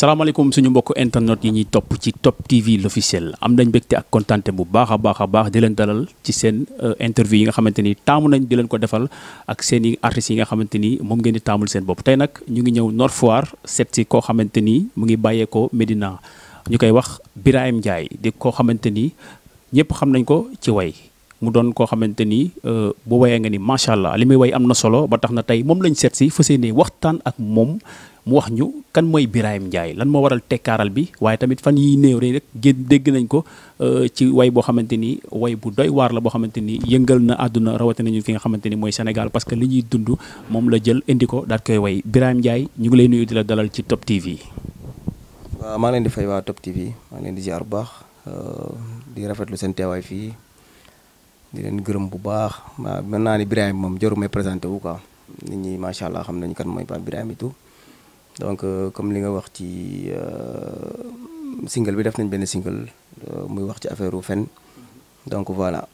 salaamaaleykum suñu mbokk internet yi ñuy topp ci Top TV l'officiel am nañ mbégte ak kontaante bu baax a baax a baax di leen dalal ci seen euh, interview yi nga xamante ni taamu nañ di leen ko defal ak seen i yi nga xamante ni moom ngeen di taamul seen bopp tey nag ñu ngi ñëw Nord Foire seet si koo xamante nii mu ngi bàyyeekoo Medina ñu koy wax Birahim Ndiaye di koo xamante ni ñëpp xam nañ ko ci way mu doon koo xamante ni euh, bu wayee nga ni macha allah li muy way am na solo ba tax na tey moom lañ seet si fas yéene waxtaan ak mu wax ñu kan mooy Birahim Ndiaye lan moo waral tekkaaral bi waaye tamit fan yi néew rek gén dégg nañ ko euh, ci way boo xamante ni way bu doy waar la boo xamante ni yëngal na àdduna rawati nañu fi nga xamante ni mooy Sénégal parce que li ñuy dund moom la jël indi ko daat koy way Birahim Ndiaye ñu ngi lay nuyu di la dalal ci Top TV. waaw maa leen di fay waa Top TV maa leen di ziar bu baax euh, di rafetlu seen teewaay fii di leen gërëm bu baax mën naa ni Birahim moom jarumay présenté wu quoi nit ñi macha allah kan mooy pa Birahim itu donc euh, comme li nga wax ci euh, single bi def nañ ben single euh, muy wax ci affaire u fen donc voilà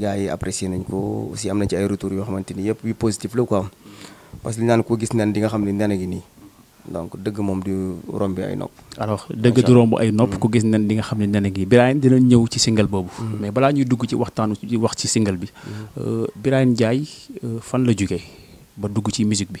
gars yi apprécié nañ ko aussi amna ci ay retour yo xamanteni ni yu positif la quoi parce que li nane ko gis nane di nga xamni nane gi ni donc deug mom du rombi ay nop alors deug du rombu ay nop ku gis nane di nga xamni nane gi Birane dina ñew ci single bobu mm-hmm. mais bala ñuy dugg ci waxtaanu ci wax ci single bi mm-hmm. euh Birane jaay fan la juggé ba dugg ci musique bi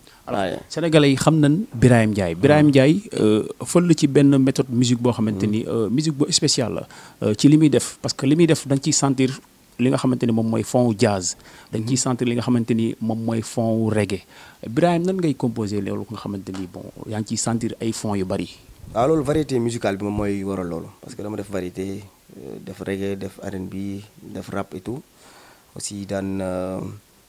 alors sénégalais yi xam nañ Birahim Ndiaye Birahim Ndiaye euh, fël ci benn méthode musique boo xamante mm. ni euh, musique bu spéciale la euh, ci li muy def parce que li muy def dañ ciy sentir li nga xamante ni moom mooy fond jazz dañ ciy mm-hmm. sentir li nga xamante ni moom mooy fond reggae Birahim nan ngay composé loolu nga xamante ni yaa ngi ciy sentir ay fond yu bari. waaw loolu variété musicale bi moom mooy waral loolu parce que dama def variété def reggae def bi def rap et aussi daan.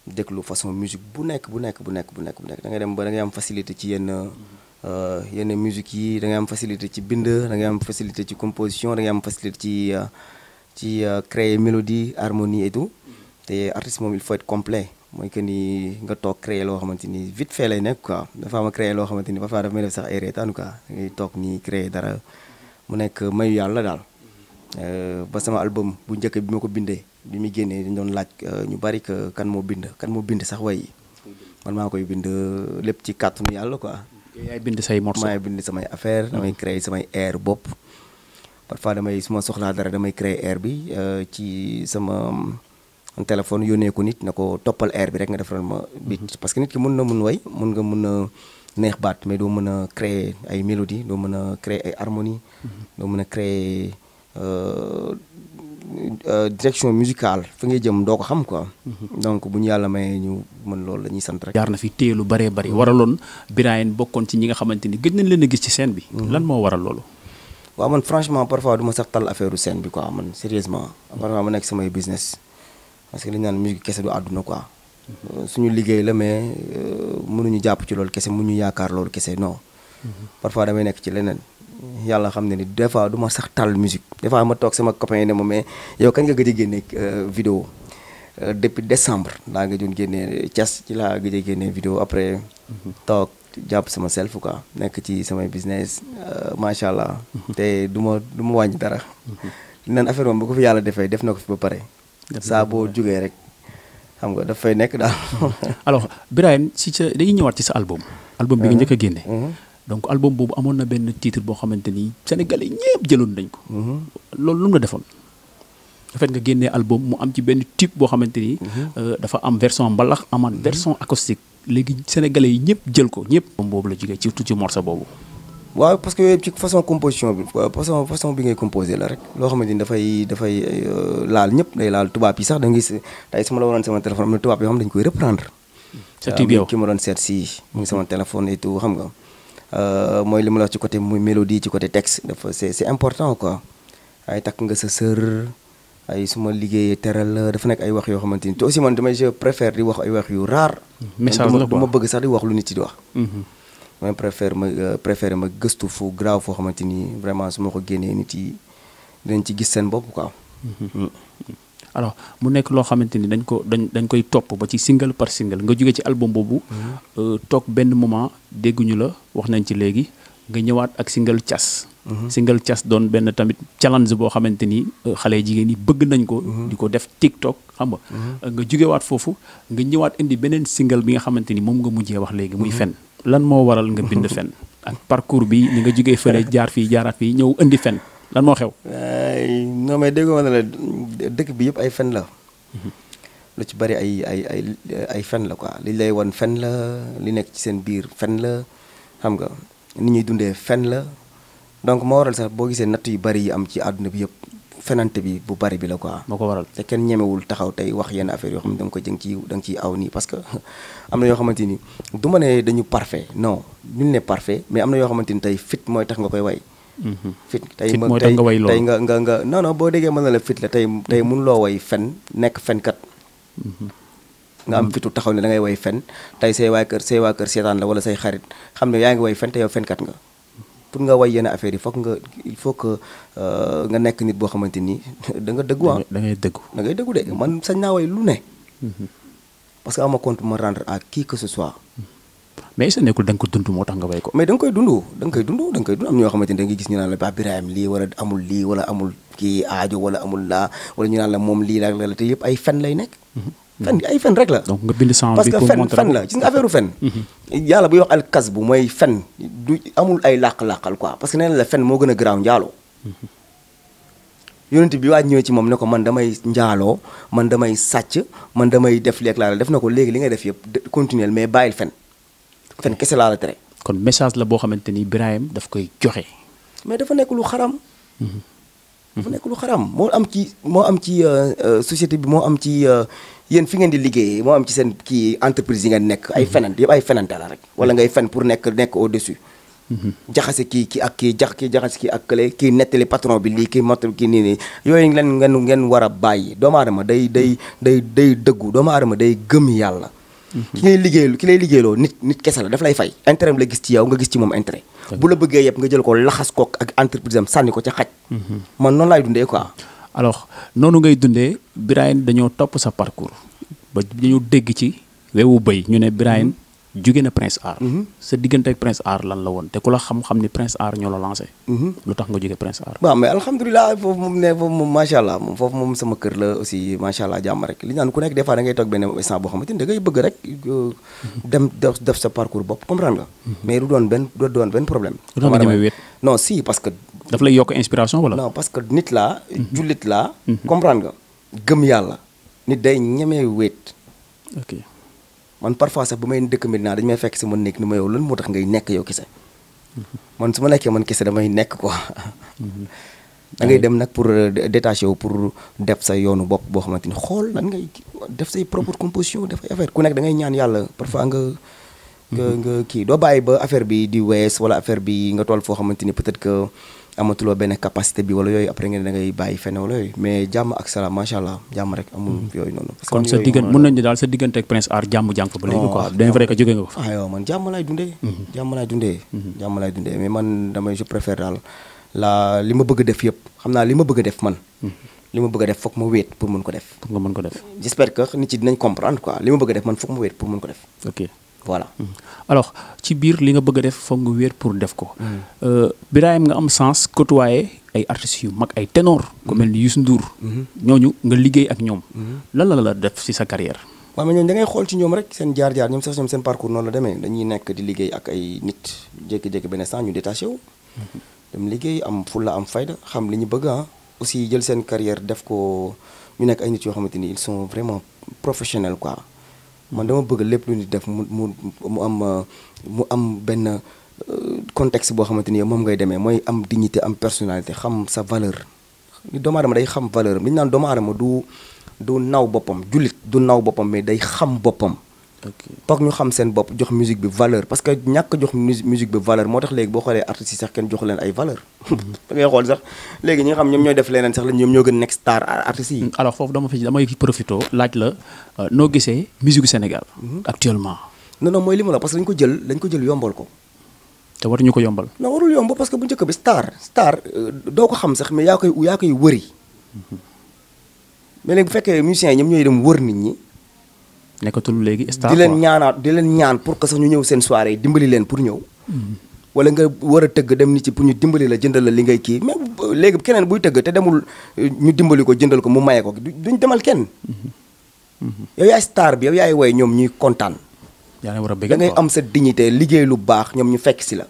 déglu façon musique bu nekk bu nekk bu nekk bu nekk bu nekk da ngay dem ba da am facilité ci yenn euh, yenn musique yi da ngay am facilité ci bind da ngay am facilité ci composition da ngay am facilité ci euh, ci euh, créer mélodie harmonie et tout te artiste moom il faut être complet mooy que ni nga toog créer loo xamante ni vite fait lay nekk quoi dafa am créer loo xamante ni parfois dafa may sax ay reetaan quoi da toog nii créer dara mu nekk mayu yàlla daal. ba eh, sama album bu ñëk bi mako bindé bi mi génné dañ doon laaj ñu eh, bari ke kan mo bind kan mo bind sax way man maa koy bind lepp ci mu ah. yalla quoi. yaay bind say morceau may bind sama affaire damay hmm. créer sama air bop parfois damay suma soxla dara damay créer air bi eh, ci sama téléphone yone ko nit na topal air bi rek nga defal ma hmm. bit parce que nit ki mun na mun way mun nga mun neex baat mais do mëna créer ay mélodie do mëna créer ay harmonie hmm. do mëna créer Euh, euh, direction musicale fa ngay jëm doo ko xam quoi. Mhm. donc bu ñu yàlla mayee ñu mën loolu la ñuy sant rek. jaar na fi téye lu bëree bëri waraloon Birahim bokkoon ci ñi nga xamante ni gëj nañ leen a gis ci seen bi. Mhm. lan moo waral loolu. waaw man franchement parfois du ma sax tal affaire scène bi quoi man sérieusement parfois ma nekk samay business parce que li ñu naan kese du àdduna quoi. Mhm. suñu liggéey la mais euh, mënuñu jàpp ci loolu kese mu ñu yaakaar loolu kese non. parfois ci leneen. yalla xamne ni des fois duma sax tal musique des fois ma tok sama copain yi ne ma mais yow kan nga gëdi a euh, vidéo euh, depuis décembre laa nga doon génnee Thiès ci la gëdi a vidéo après tok japp sama self quoi nek ci sama business euh, macha allah te du ma du ma wàññi dara nan affaire mom bu ko fi yalla defee def na fi ba paré sa bo juggé rek xam nga fay nek dal alors Birahim si ci dañuy ñëwaat ci sa album album bi nga uh-huh. njëkk a donc album boobu amoon na benn titre boo xamante ni sénégalais ñëpp jëloon nañ ko. Mhm. loolu lu la defoon. en fait nga génnee album mu am ci benn type boo xamante ni. Mhm. Euh, dafa am version mbalax amaat mhm. version acoustique léegi sénégalais yi ñëpp jël ko ñëpp. album boobu la jógee surtout ci morceau boobu. waaw parce que ci façon composition bi. façon façon bi ngay composé la rek. loo xamante ni dafay dafay euh, laal ñëpp day laal tubaab yi sax da nga gis tey su ma la waroon sama téléphone am na tubaab yoo koy reprendre. surtout yow ki ma doon seet si. mu ngi sama téléphone et xam nga. Euh, mooy li ma la wax ci côté muy mélodie ci côté texte dafa c'est c'est important quoi ay takk nga sa sër ay su ma liggéeyee teral dafa nekk ay wax yoo xamante ni te aussi man damay je préfère di wax ay wax yu raar. message la quoi du ma bëgg sax di wax lu nit yi di wax. Mm-hmm. ma préfère ma euh, préféré ma gëstu fu grave foo xamante ni vraiment su ma ko génnee nit yi dañ ci gis seen bopp quoi. Mm-hmm. alors mu nek lo xamanteni dan dañ ko dañ koy top ba ci single par single nga jóge ci album mhm. euh tok ben moment dégguñu la wax nañ ci léegi nga ñëwaat ak single chas mhm. single cas don ben tamit challenge bo xamanteni xalé euh, xale jigéen yi bëgg nañ ko mhm. di def tiktok xam nga euh, nga waat fofu nga ñëwaat indi benen single bi nga xamanteni mom nga mujjé wax léegi muy fen lan mo waral nga bind fen ak parcours bi ni nga jógee fële jaar fi jaarat fi ñëw indi fen lan moo xew. non mais déggoo ma ne la dëkk bi yëpp ay fen la. Mhm. lu ci bari ay ay ay ay fen la ko li lay wan fen la li nekk ci seen biir fen la xam nga ni ñuy dundee fen la donc moo waral sax boo gisee natt yu bari yi am ci àdduna bi yëpp fenante bi bu bari bi la ko waral te kenn ñemewul taxaw tey wax yenn affaire yoo xam ne da ko jëng ci da nga ciy aw nii parce que am na yoo xamante ni du ma ne dañu parfait non ñu ne parfait mais am na yoo xamante ni tey fit mooy tax nga koy way. fit tey moo tax nga way loolu tey nga nga nga non boo déggee mën na la fit la tey tey mun mm-hmm. loo woy fen nekk fenkat mm-hmm. nga am mm-hmm. fitu taxaw ne da ngay way fen tey say waa kër say waa kër seetaan la wala say xarit xam ne yaa ngi woy fen te yow fenkat nga pour nga woy yenn affaire yi foog nga il faut que euh, nga nekk nit boo xamante ni da nga dëggu ah. da ngay dëggu da ngay de man sañ naa way lu ne. parce que ama compte ma rendre à qui que ce soit. mais est-ce que nekkul da nga ko dund moo tax nga way ko. mais da nga koy dund da nga koy dund da nga koy dund am ñoo xamante ne da nga gis ñu naan la Pape Birahim lii wala amul lii wala amul kii aajo wala amul laa wala ñu naan la moom lii la la te yëpp ay fen lay nekk. Mhm. fen ay fen rek la. donc nga bind sang bi pour montrer parce que fen fen la gis nga affaire fen. Mhm. yàlla bu wax al kas bu mooy fen du amul ay làq-làqal quoi parce que nee na la fen moo gën a garaaw njaaloo. Mhm. yonent bi waa ñëwee ci moom ne ko man damay njaaloo man damay sàcc man damay def lekk laa la def na ko léegi li ngay def yëpp continuer mais bàyyil fen fen kese laa la tere kon message la boo xamante ni Birahim daf koy joxe mais dafa nekk lu xaram mhm. dafa nekk lu xaram moo am ci moo am ci euh, euh, société bi moo am ci euh, yéen fi ngeen di liggéeyee moo am ci seen kii entreprise yi ngeen nekk ay fenant yëpp ay fenante la rek wala ngay fen pour nekk nekk au dessus mhm. jaxase kii ki ak kii jax kii jaxase kii ak kële kii nettali patron bi lii kii mott kii nii nii yooyu ngeen ngeen ngeen war a bàyyi doomu aadama day day day day dëggu doomu aadama day gëm yàlla ki ngay liggéeylu ki lay liggéeyloo nit nit kese la daf lay fay intérêt la gis ci yow nga gis ci moom intérêt bu la bëggee yëpp nga jël ko laxas ko ak entreprise am sànni ko ca xaj mhm. man noonu lay dundee quoi alors noonu ngay dundee Birahim dañoo topp sa parcours ba dañoo dégg ci wu bëy ñu ne Birahim jóge na Prince Art. Mhm. sa digënté ak Prince Art lan la won té kula xam-xam ni Prince Art ñoo la lancé. Mhm. lu tax nga jóge Prince Art. ba mais alhamdullilah fofu mom né fofu mom machallah mom fofu mom sama kër la aussi machallah allah rek li ñaan ku nekk des fois da ngay tok benn instant bo xamanteni da ngay bëgg rek euh, dem def sa parcours bop comprendre nga. Mhm. mais du doon ben du doon ben problème. non si parce que. daf lay yok inspiration wala. non parce que nit laa. julit la comprendre nga gëm yalla nit day ñëmé wét ok. man parfois sax bu may dëkk Medina dañ may fekk si ma nekk ni ma yow lan moo tax ngay nekk yow kese man su ma nekkee man kese damay nekk ko mhm. da ngay dem nag pour euh, détaché wu pour def sa yoonu bopp boo xamante ni xool lan ngay def say propre composition def ay affaire ku nekk da ngay ñaan yàlla parfois nga nga mhm. nga kii doo bàyyi ba affaire bi di wees wala affaire bi nga toll foo xamante ni peut-être que amatuloo ben capacité bi wala yoy après ngeen da ngay bayyi fene wala yoy mais jàmm ak salaam macha allah jàmm rek amul hmm. yoy non kon sa digeun mën nañu dal sa digeunte ak prince ar jàmm jank ba léegi quoi bien vrai que jogé nga ko fa. Oh, ayo man jàmm lay dundé jàmm lay dundé jàmm lay dundé mais man damay je préfère dal la lima bëgg def yépp xamna lima bëgg def man. Hmm. lima bëgg def fokk ma wét pour mën ko def. pour nga mën ko def. j'espère que nit ci dinañ comprendre quoi lima bëgg def man fokk ma wét pour mën ko def. ok voilà. Mm-hmm. alors ci biir li nga bëgg def foog nga wéer pour def ko. Mm-hmm. Euh, Birahim nga am sens côtoyer ay artistes yu mag ay ténor ku mm-hmm. mel ni Youssou Ndour. ñooñu nga liggéey ak ñoom. lan la la def ci sa carrière. waaw mais ñoom da ngay xool ci ñoom rek seen jaar-jaar ñoom sax ñoom seen parcours noonu la demee dañuy nekk di liggéey ak ay nit jékki-jékki benn sant ñu détaché wu. dem liggéey am la am fayda xam li ñu bëgg ah. aussi jël seen carrière def ko ñu nekk ay nit yoo xamante ni ils sont vraiment professionnels quoi. man dama bëgg lépp lu nit def mu mu mu am euh, mu am benn euh, contexte boo xamante ni moom ngay demee mooy am dignité am personnalité xam sa valeur ni doomu aadama day xam valeur am naan doomu aadama du du naw boppam jullit du naw boppam mais day xam boppam tok ñu xam seen bopp jox musique bi valeur parce que ñàkk jox musique bi valeur moo tax léegi boo xoolee artistes yi sax kenn jox leen ay valeur mm-hmm. da ngay xool sax léegi ñi nga xam ñoom ñooy def leneen sax la ñoom ñoo gën next star artiste yi alors foofu dama fi dama damay profito laaj la euh, noo gisee musique Sénégal mm-hmm. actuellement non non mooy li ma la parce que dañ ko jël dañ ko jël yombal ko te waruñu ko yombal non warul yomb parce que bu njëkk bi star star euh, doo ko xam sax mais yaa koy yaa koy wëri mm-hmm. mais léegi bu fekkee musiciens yi ñoom ñooy dem wër nit ñi nekkatul léegi star di leen ñaanaat di leen ñaan pour que sax ñu ñëw seen soirée dimbali leen pour ñëw. Mm-hmm. wala nga war a tëgg dem nit ci pour ñu dimbali la jëndal la li ngay kii mais léegi keneen buy tëgg te demul ñu dimbali ko jëndal ko mu maye ko duñ demal kenn. Mm-hmm. Mm-hmm. yow yaay star bi yow yaay woy ñoom ñuy kontaan. yaa war a da ngay am sa dignité liggéey lu baax ñoom ñu fekk si la.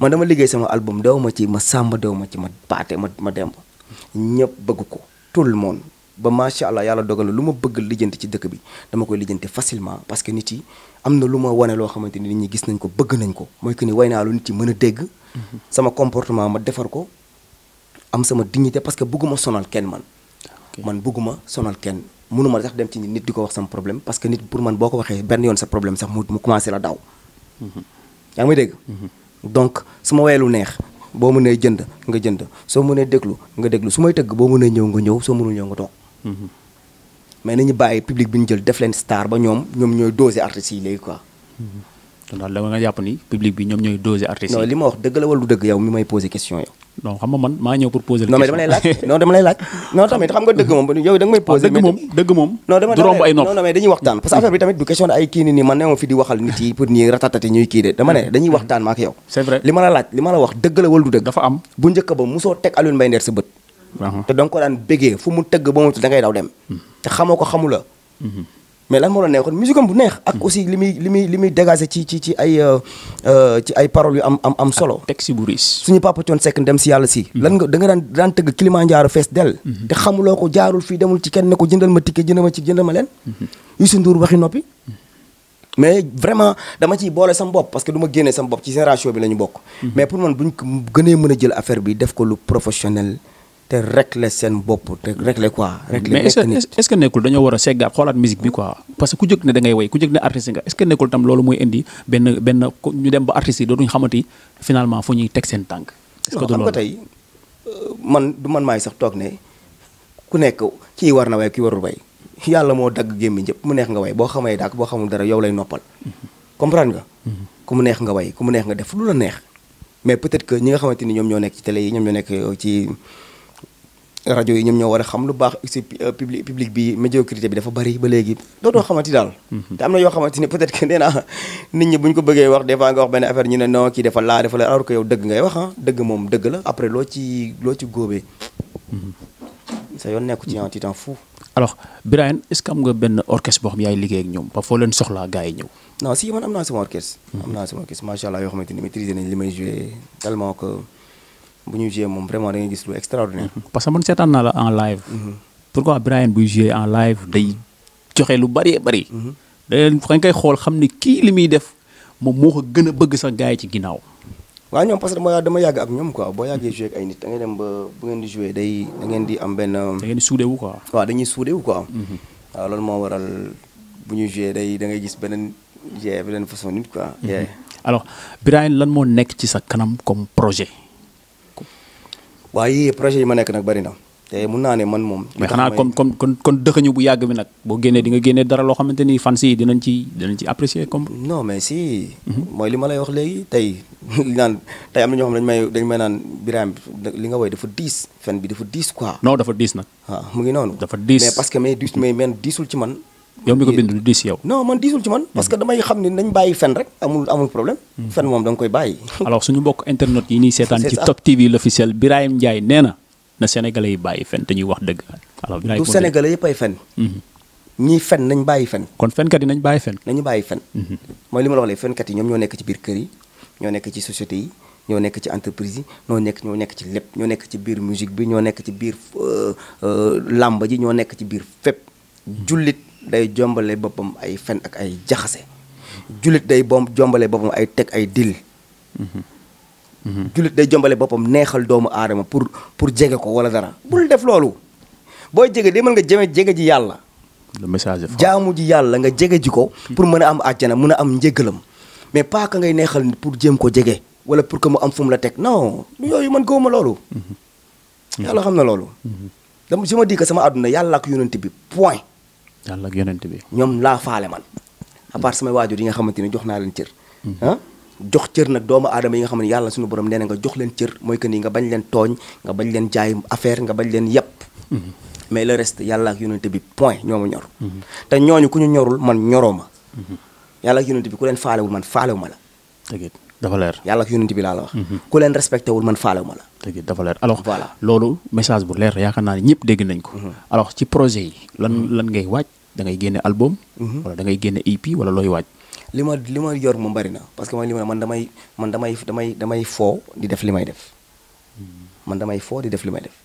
man dama liggéey sama album daw ma ci ma sàmba daw ma ci ma baate ma ma demb ñëpp bëgg ko tout le monde. ba macha allah yàlla dogal na lu ma bëgg lijjante ci dëkk bi dama koy lijjanti facilement parce que nit yi am na lu ma wane loo xamante ni nit ñi gis nañ ko bëgg nañ ko mooy que ni way naa lu nit yi mën a dégg mm-hmm. sama comportement ma defar ko am sama dignité parce que bëgguma sonal kenn man man bëgguma sonal kenn mënuma sax dem ci nit di ko wax sama problème parce que nit pour man boo ko waxee benn yoon sa problème sax mu mu commencé la daw mm-hmm. yaa ngi may dégg mm-hmm. donc su ma weelu neex boo mënee jënd nga jënd soo mënee déglu nga déglu su may tëgg boo mënee ñëw nga ñëw soo mënul nga toog mais nañu bàyyi public bi ñu jël def leen star ba ñoom ñoom ñooy doser artistes yi léegi quoi. Mm-hmm. kon daal da nga jàpp ni public bi ñoom ñooy doser artistes yi. non li ma wax dëgg la wala dëgg yow mi may poser question yow. non ay dañuy waxtaan parce que affaire bi tamit du question ay kii nii nii man newoon fi di waxal nit yi pour ñuy ratatati ñuy kii de dama ne mm-hmm. dañuy waxtaan ma ak yow. li ma la laaj li ma la wax dëgg la wala du dëgg. dafa am bu njëkk ba musoo teg Alioune Mbaye Nder sa bët Uh-huh. te da nga ko daan bégee fu mu tëgg ba mu da ngay daw dem te xamoo ko xamu uh-huh. mais lan moo la neexoon musique bu neex ak uh-huh. aussi li muy li muy li muy dégager ci ci ci ay euh, euh, ci ay paroles yu am am am solo texte bu riche suñu papa Thione Seck dem si yàlla si lan nga da nga daan daan tëgg Kilimanjaro fees dell te xamuloo ko jaarul fii demul ci kenn ne ko jëndal ma ticket jëndal ma ci jëndal ma leen Youssou Ndour waxi noppi mais vraiment dama ciy boole sam bopp parce que du ma génnee bopp ci génération bi la ñu bokk mais pour man buñ gënee mën a jël affaire bi def ko lu professionnel te régler seen bopp te régler quoi. régler mais est ce que nekkul dañoo war a seggaat xoolaat musique bi quoi parce que ku jóg ne da ngay ku jóg ne artiste nga est nekkul tam loolu mooy indi benn benn ñu dem ba artiste yi dootuñu xamati finalement fu ñuy seen tànk. est tey euh, man du man maay sax toog ne ku nekk kii war na way kii warul way yàlla moo dagg gémmiñ ñëpp mu neex nga way boo xamee daak boo xamul dara yow lay noppal. comprendre nga. Mhm. ku mu neex nga way ku mu neex nga def lu neex. mais peut être que ñi nga ni ñoom ñoo nekk ci télé rajo yi ñoom ñoo war a xam lu baax si euh, public public bi médiocrité bi dafa bari ba léegi dootoo xamante daal mm-hmm. te am na yoo xamante ni peut-être que nee naa nit ñi buñ ko bëggee wax des nga wax benn affaire ñu ne non kii dafa laa dafa la alors que dëgg ngay wax ah dëgg moom dëgg la après loo ci loo ci góobee mm-hmm. sa yoon nekku ci en ah, temps fou alors Birahim est-ce que am nga benn orchestre boo xam yaay liggéey ak ñoom parce que foo leen soxlaa gars yi ñëw non man am naa sama orchestre mm-hmm. am naa sama bu ñu jé mom vraiment da ngay gis lu extraordinaire. Mhm. parce que mon seetaan naa la en live. Mhm. pourquoi Brian bu jé en live day joxé lu bari bari. Mhm. da len da koy xol xamni ki limi def mom moko gëna bëgg sa gaay ci ginaaw wa ñom parce que dama dama yag ak ñom quoi bo yagé jouer ak ay nit da ngay dem ba bu ngeen di jouer day da ngeen di am ben da ngeen di soudé wu quoi. wa dañuy soudé wu quoi. waaw lool mo waral bu ñu jouer day da ngay gis benen jé benen façon nit quoi. alors Brian lan moo nekk ci sa kanam comme projet. waaye projet yi ma nekk nag bari na te mun naa ne man moom. mais xanaa kon kon kon kon dëxëñu bu yàgg bi nag boo génnee di nga génnee dara loo xamante ni fans yi dinañ ci dinañ ci apprécier comme. non mais si. Mhm. mooy li ma lay wax léegi tey li naan tey am na ñoo xam dañ may dañ may naan Birame li nga woy dafa diis fen bi dafa diis quoi. non dafa diis nag. Ah, mu ngi noonu. dafa diis mais parce mais diisul ci man. yow mi ko bindul dis yow non man disul ci man parce que damay xam ni nañ bayyi fen rek amul amul problème hmm. fen mom dang koy bayyi alors suñu bokk internet yi ni sétane ci top tv l'officiel birahim ndiaye nee na sénégalais yi bayyi fen te ñuy wax deug alors du sénégalais yi pay fen hmm. ñi fen nañ bayyi fen kon fen kat yi nañ bayyi fen nañu bayyi fen hmm. mooy li ma la wax fen kat yi ñom ñoo nekk ci biir kër yi ñoo nekk ci société yi ñoo nekk ci entreprise yi ñoo nekk ñoo nekk ci lepp ñoo nekk ci biir musique bi ñoo nekk ci biir euh, euh lamb ji ñoo nekk ci biir fep julit day jombale boppam ay fen ak ay jaxase jullit day bom jombale boppam ay teg ay dil jullit day jombale boppam neexal doomu aadama pour pour jege ko wala dara bul def loolu booy jege di man nga jëme jege ji yàlla le message jaamu ji yàlla nga jege ji ko pour mën a am àjjana mën a am njëgalam mais pas que ngay neexal pour jéem ko jege wala pour que mu am fu mu la teg non yooyu man ma loolu mhm. yàlla xam na loolu mhm. dama je me dis sama àdduna yàlla ak yonent bi yalla ak yonent bi ñom laa faalé man a part sama wajur yi nga xamanteni jox na len cër ah jox cër nak doomu adam yi nga xamanteni yalla suñu borom neena nga jox len cër moy ke ni nga bañ len togn nga bañ len jaay affaire nga bañ len mm-hmm. mais le reste yalla ak yonent bi point nyom ñor mm-hmm. te ñoñu ku ñu ñorul man ñoroma mm-hmm. yalla ak yonent bi ku faalé faalewul man faalewu ma la dafa leer yalla ak yonent bi la la wax ku len respecté wul man ma la dëgg dafa leer alors voilà loolu message bu leer yaakaar naa ne ñëpp dégg nañ ko. Mhm. alors ci projet yi. lan mhm. lan ngay waaj dangay ngay génne album. Mhm. wala da ngay génne EP wala looy waaj. li ma li ma jor mu bari na parce que man li ma man damay man damay damay damay foo di def li may def man damay foo di def li may def.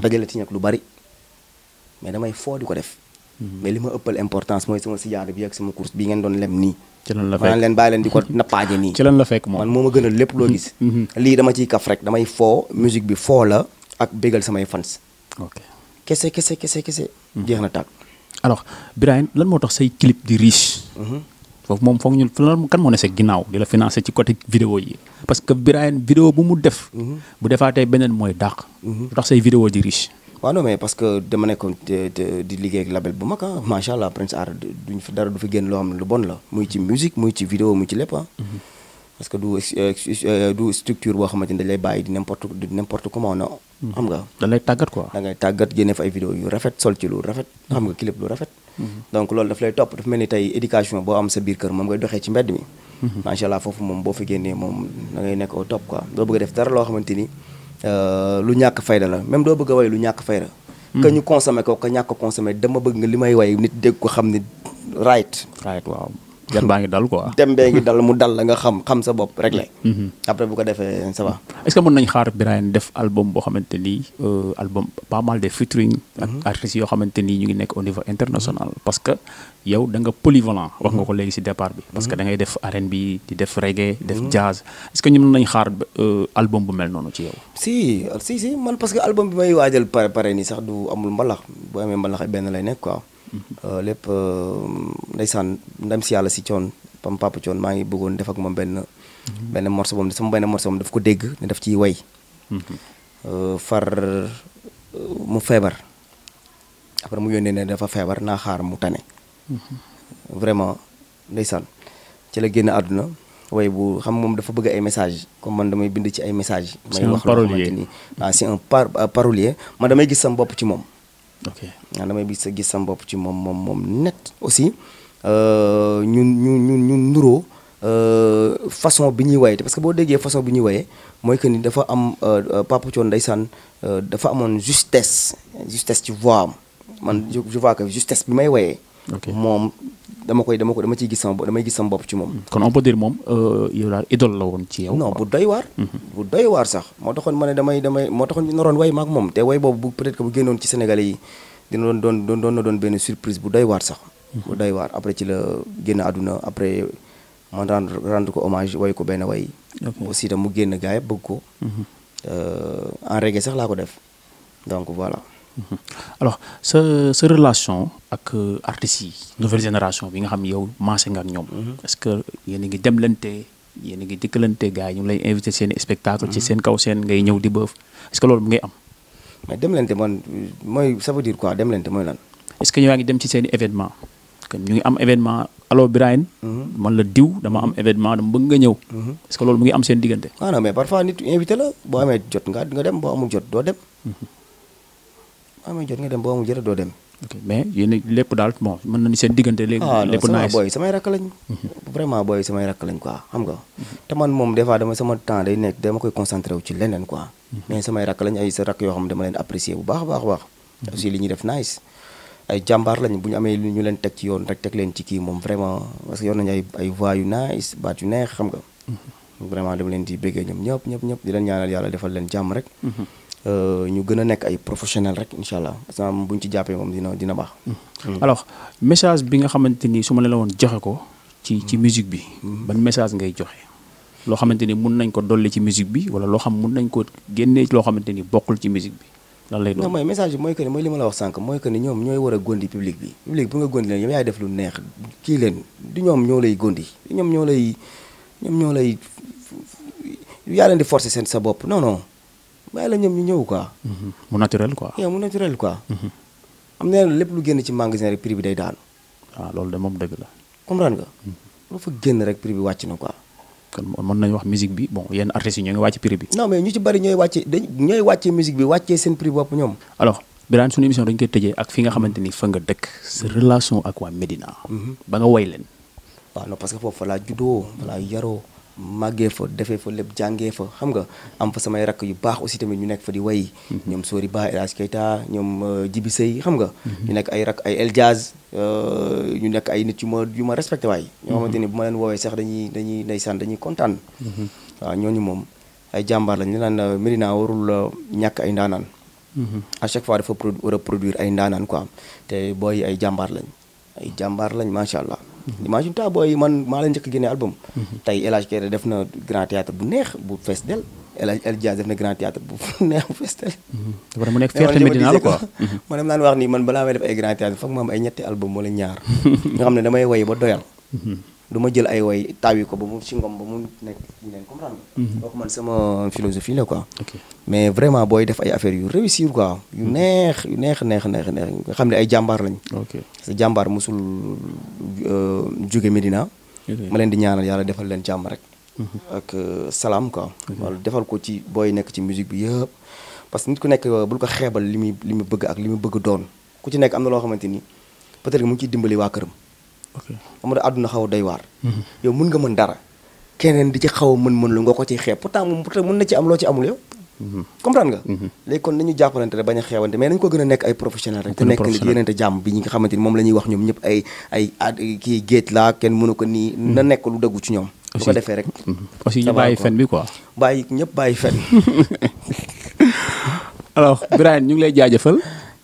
dajale ci ñàkk lu bari mais damay foo di ko def. mais li ma ëppal importance mooy sama sijaada bi ak sama course bi ngeen doon lem nii. ci lan la fekk maanaam leen bàyyi leen di ko nappaaje nii. ci lan la fekk moom man moo ma gënal lépp loo gis. Mm-hmm. Mm-hmm. lii dama ciy kaf rek damay foo musique bi foo la ak bégal samay fans. ok kese kese kese kese. Mm-hmm. jeex na tàkk. alors Birahim lan moo tax say clip di riche. foofu moom foog ñu lan kan moo ne sa ginnaaw di la financer ci côté vidéo yi parce que Birahim vidéo bu mu def. bu defaatee beneen mooy dàq. lu tax say vidéo di riche. waaw non mais parce que dama nekkoon di liggéey ak label bu mag ah macha allah Prince Art duñ dara du fa génn loo xam ne lu bon la muy ci musique muy ci vidéo muy ci lépp ah. mhm. parce que du euh, euh, du structure boo xamante ni dañ lay bàyyi di n'importe di n'importe comment na mhm. xam nga. da lay tàggat quoi. da ngay tàggat génne fa ay vidéo yu rafet sol ci lu rafet. xam nga mhm. clip lu rafet. donc loolu daf lay topp dafa mel ni tey éducation boo am sa biir kër moom ngay doxee ci mbedd mi. macha allah foofu moom boo fa génnee moom da ngay nekk au top dara loo xamante ni. Euh, lu ñàkk fayda la même doo bëgg a way lu ñàkk fayda hmm. que ñu consommé ko que ñàkk ko consommé dama bëgg nga li may way nit dégg ko xam ni right right waaw jan baa dal quoi dem bee dal mu dal la nga xam xam sa bop rek lay mhm. après bu ko defé ça va est ce que mën nañ xaar def album bo xamanteni euh album pas mal de featuring ak mhm. artistes yo xamanteni ni ñu ngi nek au niveau international parce que yow da nga polyvalent wax nga ko légui ci départ bi parce que mhm. da ngay def R&B, di def reggae def jazz est ce que ñu mën nañ xaar euh, album bu mel nonu ci yow si si si man parce que album bi may waajal pare pare ni sax du amul mbalax bu amé mbalax ben lay nek quoi Eh, lepp eh, ndaysan ndam si yalla si chon pam papa coon ma ngi bëggoon def ak mom ben mhm. ben morso moom sama ben morso moom daf ko dégg ne daf ci way mhm. eh, far mu febar après mu yone ne dafa febar na xaar mu tane mhm. vraiment ndaysan ci la génn aduna way bu xam mom dafa bëgg ay message comme man damay bind ci ay message may wax parolier ah c'est un euh, parolier man damay gis sam bop ci ok damay bis sa gis sam mbopp ci moom moom moom net aussi ñun euh, ñu ñu ñun nuroo euh, façon bi ñuy wayete parce que boo déggee façon bi ñuy wayee mooy que ni dafa am euh, Papa Thione ndeysaan dafa amoon justesse justesse ci voix am man je vois que justesse bi may wayee Mom, dama koy dama ko dama ciy gis sama bopp damay gis sama bopp ci moom. kon on peut dire moom euh, yow daal idole la woon ci yow. non bu doy waar. Mhm. bu doy waar sax moo taxoon ma ne damay damay moo taxoon ñu way maak moom te way boobu bu peut-être que bu génnoon ci Sénégalais yi dina doon doon doon na doon benn surprise bu doy waar sax. Mhm. bu doy waar après ci la génn àdduna après ma rendre rendre ko hommage way ko benn way. aussi tam mu génn gaay bëgg ko. Mhm. Euh, en reggae sax laa ko def donc voilà. Mhm. alors sa sa relation ak euh, artistes yi nouvelle génération bi nga xam yow maase nga ñoom. Mhm. est-ce que yéen ngi demlante yéen a ngi dëkkalante gars yi ñu lay invité seen spectacle ci mhm. seen kaw seen ngay ñëw di bëf est loolu mu ngay am. mais demlante man mooy ça veut dire quoi demlante mooy lan. est que yow ngi dem ci seen i événement ñu ngi am événement allo Birahim. man la diw dama am événement dama bëgg nga ñëw. est-ce que loolu mu ngi am seen diggante. ah non mais parfois nit invité la boo amee jot nga nga dem boo amul jot doo dem. amee ah, jot nga dem boo amul jot doo dem. mais yéen lépp daal bon mën nañu seen diggante léegi. Ah, lépp naaj booy samay rakk lañ. Mhm. vraiment booy samay rakk lañ xam nga. te man moom des fois sama temps day nekk dama koy concentré wu ci leneen quoi. Mhm. mais samay rakk lañ ay sa rakk yoo xam ne dama leen apprécier bu baax a baax mhm. li ñuy def nice ay jàmbaar lañ bu ñu amee lu ñu leen teg ci yoon rek teg leen ci kii moom vraiment parce que yor nañu baat yu neex xam nga. vraiment dama leen di bëggee ñoom ñëpp ñëpp ñëpp di leen ñaanal yàlla defal leen jàmm rek. Euh, ñu gën a nekk ay professionnel rek incha allah bu ñu ci jàppee moom dina dina baax. Hmm. alors message bi nga xamante ni su ma la woon joxe ko. ci ci hmm. musique bi. Hmm. ban message ngay joxe. loo xamante ni mun nañ ko dolli ci musique bi wala loo xam mun nañ ko génnee loo xamante ni bokkul ci musique bi. lan lay doom non mooy message mooy que ne mooy li ma la wax sànq mooy que ne ñoom ñooy war a gondi public bi. public bu nga gondi leen yaay def lu neex kii leen du ñoom ñoo lay gondi ñoom ñoo lay ñoo lay yaa di forcer seen sa bopp non non. mais la ñoom ñu ñëw quoi. Mhm. mu naturel quoi. yow mu naturel quoi. Mhm. am na lépp lu génn ci magasin rek prix bi day daanu. waaw ah, loolu de moom dëgg la. comprendre nga. Mhm. lu fa génn rek prix bi wàcc na quoi. kon mën nañu wax musique bi bon yenn artistes yi ñoo ngi wàcc prix bi. non mais ñu ci bari ñooy wàcce dañ ñooy musique bi wàccee seen prix bopp ñoom. alors Birane suñu émission dañ koy tëjee ak fi nga xamante ni fa nga dëkk. sa relation ak waa Medina. ba nga woy leen. waaw no parce que foofu laa juddoo laa yaroo. màggee fa defee fa lépp jàngee fa xam nga am fa samay rakk yu baax aussi tamit ñu nekk fa di way mhm. ñoom Sori Ba El Hadj Keita ñoom euh, Jibi Sey xam nga mhm. ñu nekk ay rakk ay El Jazz euh, ñu nekk ay nit yu ma yu ma respecté waay ñoo mhm. xamante ni bu ma leen woowee sax dañuy dañuy ndeysaan dañuy kontaan waaw ñooñu moom ay jàmbaar lañ la naan euh, Medina warul ñàkk ay ndaanaan à chaque fois dafa war a produire ay ndaanaan quoi te booy ay jàmbaar lañ ay jàmbaar lañ macha allah imagine toi booy man maa la njëkk génne album tey El Hadj Kéré def na grand théâtre bu neex bu fees del El Hadj El def na grand théâtre bu neex bu fees del war mu nekk fierté Médina la quoi man dama daan wax nii man balaa may def ay grand théâtre foog ma am ay ñetti album wala ñaar nga xam ne damay woy ba doyal du jël ay woy taawi ko ba mu si ngom ba mu nekk ñu leen mhm. man sama philosophie la quoi mais vraiment booy def ay affaires yu réussir ko yu mhm. neex yu neex neex neex neex nga xam ne ay jàmbaar lañ parce que jàmbaar mosul euh, jóge Medina ma leen di ñaanal yàlla defal leen jàmm rek mhm. ak euh, salaam quoi wala defal ko ci booy nekk ci musique bi yëpp parce que nit ku nekk euh, bul ko xeebal li muy li muy bëgg ak li mu bëgg doon ku ci nekk am na loo xamante ni peut-être mu ngi ciy dimbali waa këram am na àdduna xaw a doy waar. Mhm. yow mun nga mën dara. a moom pourtant mhm. mhm. a a wax ñoom ñëpp ay ay kii géej laa kenn mënu ko nii. na nekk lu dëggu ci ñoom. bu ko defee rek. aussi fen bi quoi. bàyyi ñëpp bàyyi fen. alors Birahim ñu ngi lay jaajëfal.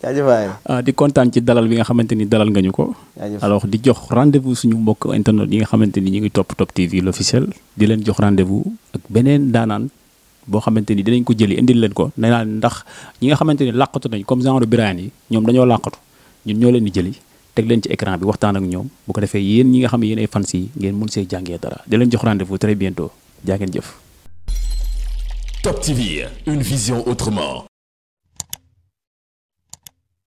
jaajëf waay ah, di kontaan ci dalal bi nga xamante ni dalal nga ñu ko. alors di jox rendez-vous suñu mbokk internet yi nga xamante ni ñu ngi top Top TV l'officiel di leen jox rendez-vous ak beneen daanaan boo xamante ni dinañ ko jëli indil leen ko nee naa ndax ñi nga xamante ni làqatu nañ comme genre Birane yi ñoom dañoo làqatu ñun ñoo leen di jëli teg leen ci écran bi waxtaan ak ñoom bu ko defee yéen ñi nga xam ne yéen ay fans yi ngeen mun see jàngee dara di leen jox rendez-vous très bientôt jaa ngeen jëf. Top TV, une vision autrement.